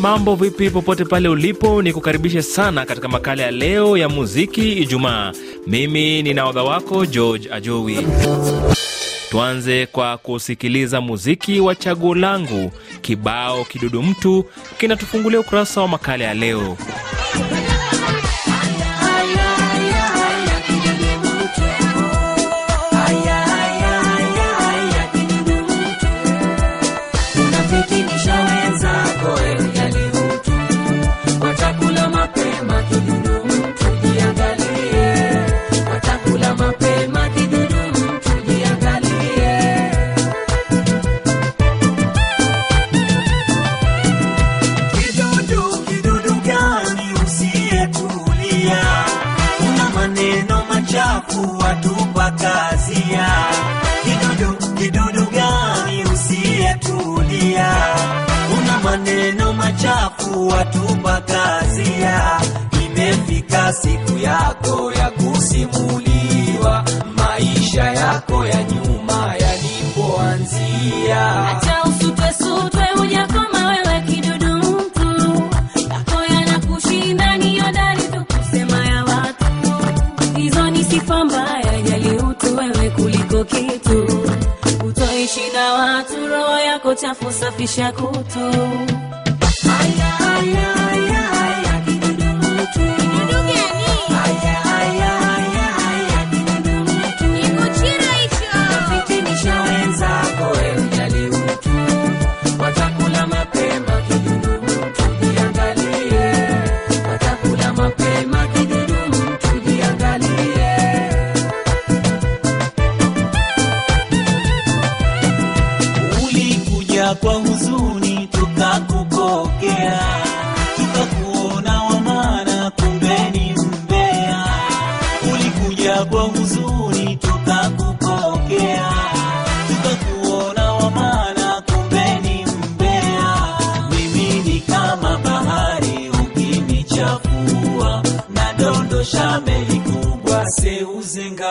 Mambo vipi popote pale ulipo, ni kukaribishe sana katika makala ya leo ya muziki Ijumaa. Mimi ni naodha wako George Ajowi. Tuanze kwa kusikiliza muziki wa chaguo langu. Kibao kidudu mtu kinatufungulia ukurasa wa makala ya leo. Show me. watupakazia, imefika siku yako ya kusimuliwa maisha yako ya nyuma yalipoanzia. Acha usutwesutwe, uja wewe kidudu mtu yako yanakushinda, niyo ya watu, hizo ni sifa mbaya. Jali wewe kuliko kitu, utoishi na watu, roho yako chafu, safisha kutu Allah, Allah.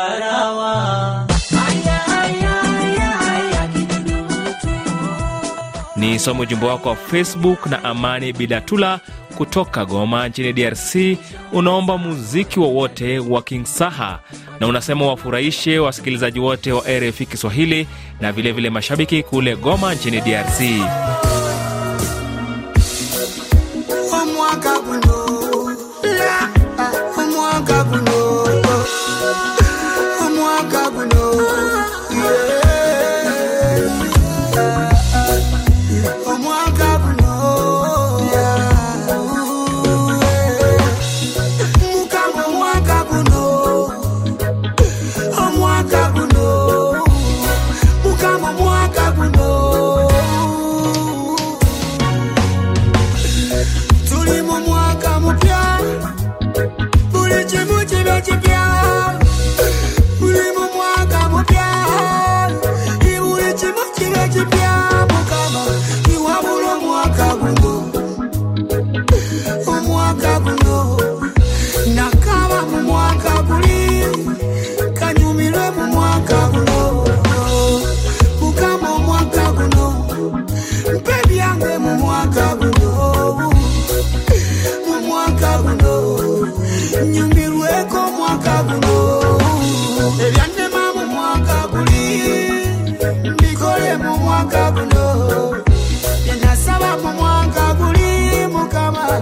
rawa. Ni some ujumbe wako wa Facebook na Amani Bidatula kutoka Goma nchini DRC. Unaomba muziki wowote wa, wa King Saha na unasema wafurahishe wasikilizaji wote wa RFI Kiswahili na vilevile vile mashabiki kule Goma nchini DRC. Yo mwanga guno mu mwanga guli mukama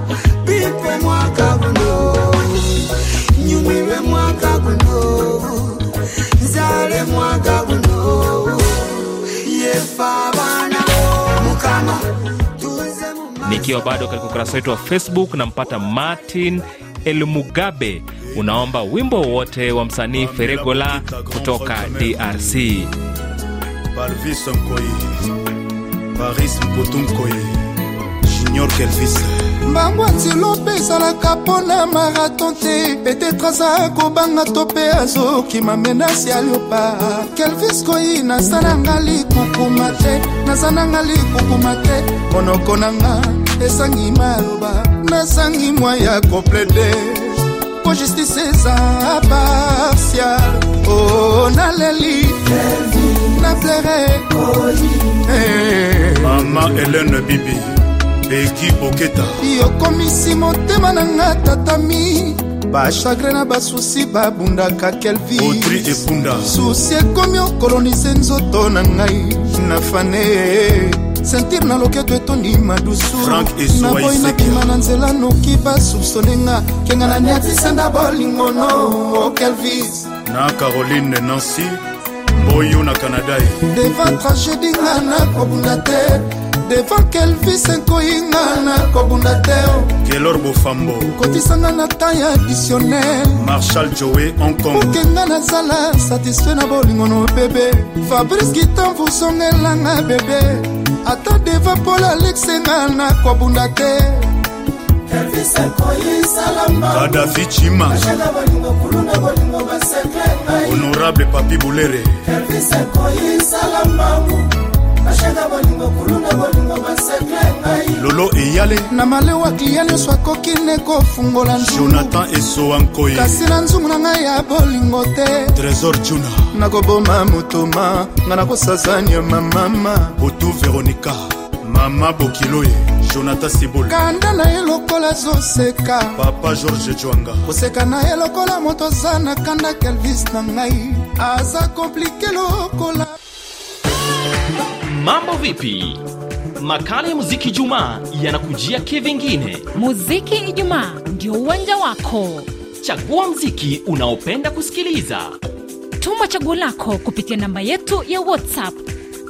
mwanga guno nyumirwe mwanga guno nzale mwanga guno yefa mukama nikiwa bado katika ukurasa wetu wa facebook nampata martin elmugabe unaomba wimbo wowote wa msanii feregola kutoka drc balvis nkoye paris mpotu nkoye junior kelvis mbango antilope ezalaka mpona maraton te petetre aza kobanga to mpe azokima menasi ya liopa kelvis koyi naza nanga likukuma te naza nanga likukuma te monoko nanga esangi maloba nasangi mwa ya koplede po justice eza partial o oh, naleli Eh. mama helene bibi beki boketa yokomisi motema na nga tatami bachagre na basusi babundaka kelviotri ebunda susi ekomi okolonise nzoto na ngai na fane sentire na loketo etondi madusu naboyi nabima na nzela noki basupsonenga kenga na niatisenda bolingono okelvis oh, na caroline nancy boyo na kanada ye devant tragédie nga nakobunda te devant kelvis enkoi nga nakobunda te kelor bofambo kotisanga na ta ya additionnel marshal joe hongkongpoke nga nazala satisfait na bolingono bebe fabrice gitan vusongelanga bebe ata deva pol alexe nga nakobunda te kadafi cima honorable papi bulere lolo eyale na malewa klia nyonso akoki ne kofungola jonathan esowa nkoi kasi na nzungu na ngai ya bolingo te trésor juna nakoboma motoma ngai nakosazania mamama otu veronika mama bokiloye ye jonathan sebol kanda na ye lokola azoseka papa george jwanga koseka na ye lokola moto aza na kanda kelvis na ngai aza komplike lokola mambo vipi makala ya muziki ijumaa yanakujia kivingine muziki ijumaa ndio uwanja wako chagua mziki unaopenda kusikiliza tuma chaguo lako kupitia namba yetu ya whatsapp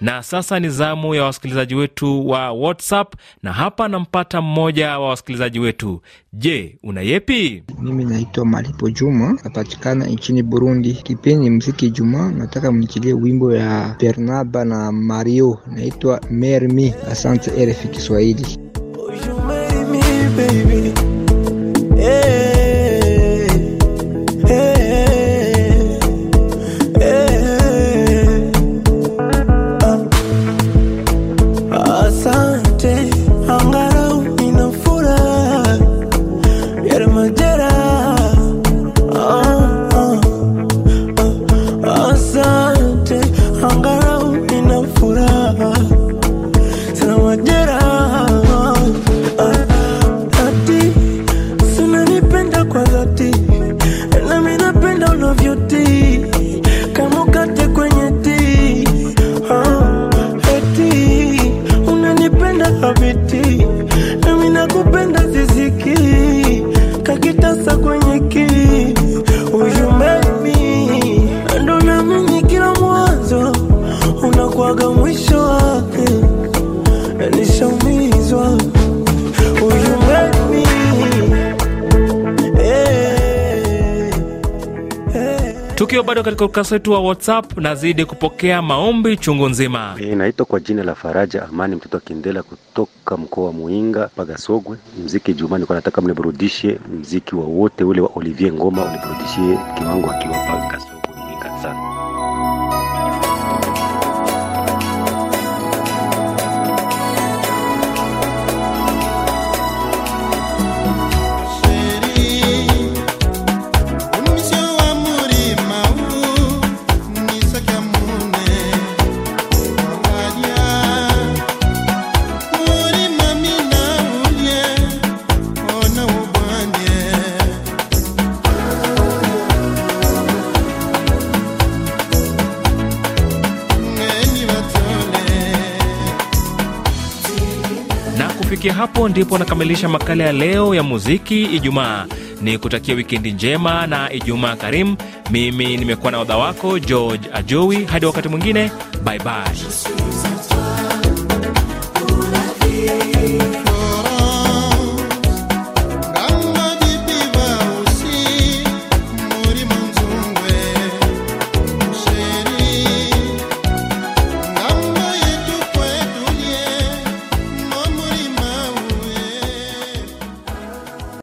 Na sasa ni zamu ya wasikilizaji wetu wa WhatsApp, na hapa nampata mmoja wa wasikilizaji wetu. Je, una yepi? Mimi naitwa Malipo Juma, napatikana nchini Burundi. Kipindi mziki Juma, nataka mnichilie wimbo ya Bernaba na Mario, naitwa Mermi. Asante RFI Kiswahili. nishaumizwa eh, eh. Tukiwa bado katika ukurasa wetu wa WhatsApp, nazidi kupokea maombi chungu nzima. Eh, inaitwa kwa jina la Faraja Amani, mtoto wa Kindela, kutoka mkoa wa Muinga mpaka Sogwe. Mziki Juma, nilikuwa nataka mniburudishe mziki wowote ule wa Olivier Ngoma, uniburudishie kiwango akiwa mpaka Sogwe. Muinga, sana. kufikia hapo ndipo nakamilisha makala ya leo ya muziki Ijumaa. Ni kutakia wikendi njema na Ijumaa karimu. Mimi nimekuwa na odha wako George Ajowi, hadi wakati mwingine, baibai.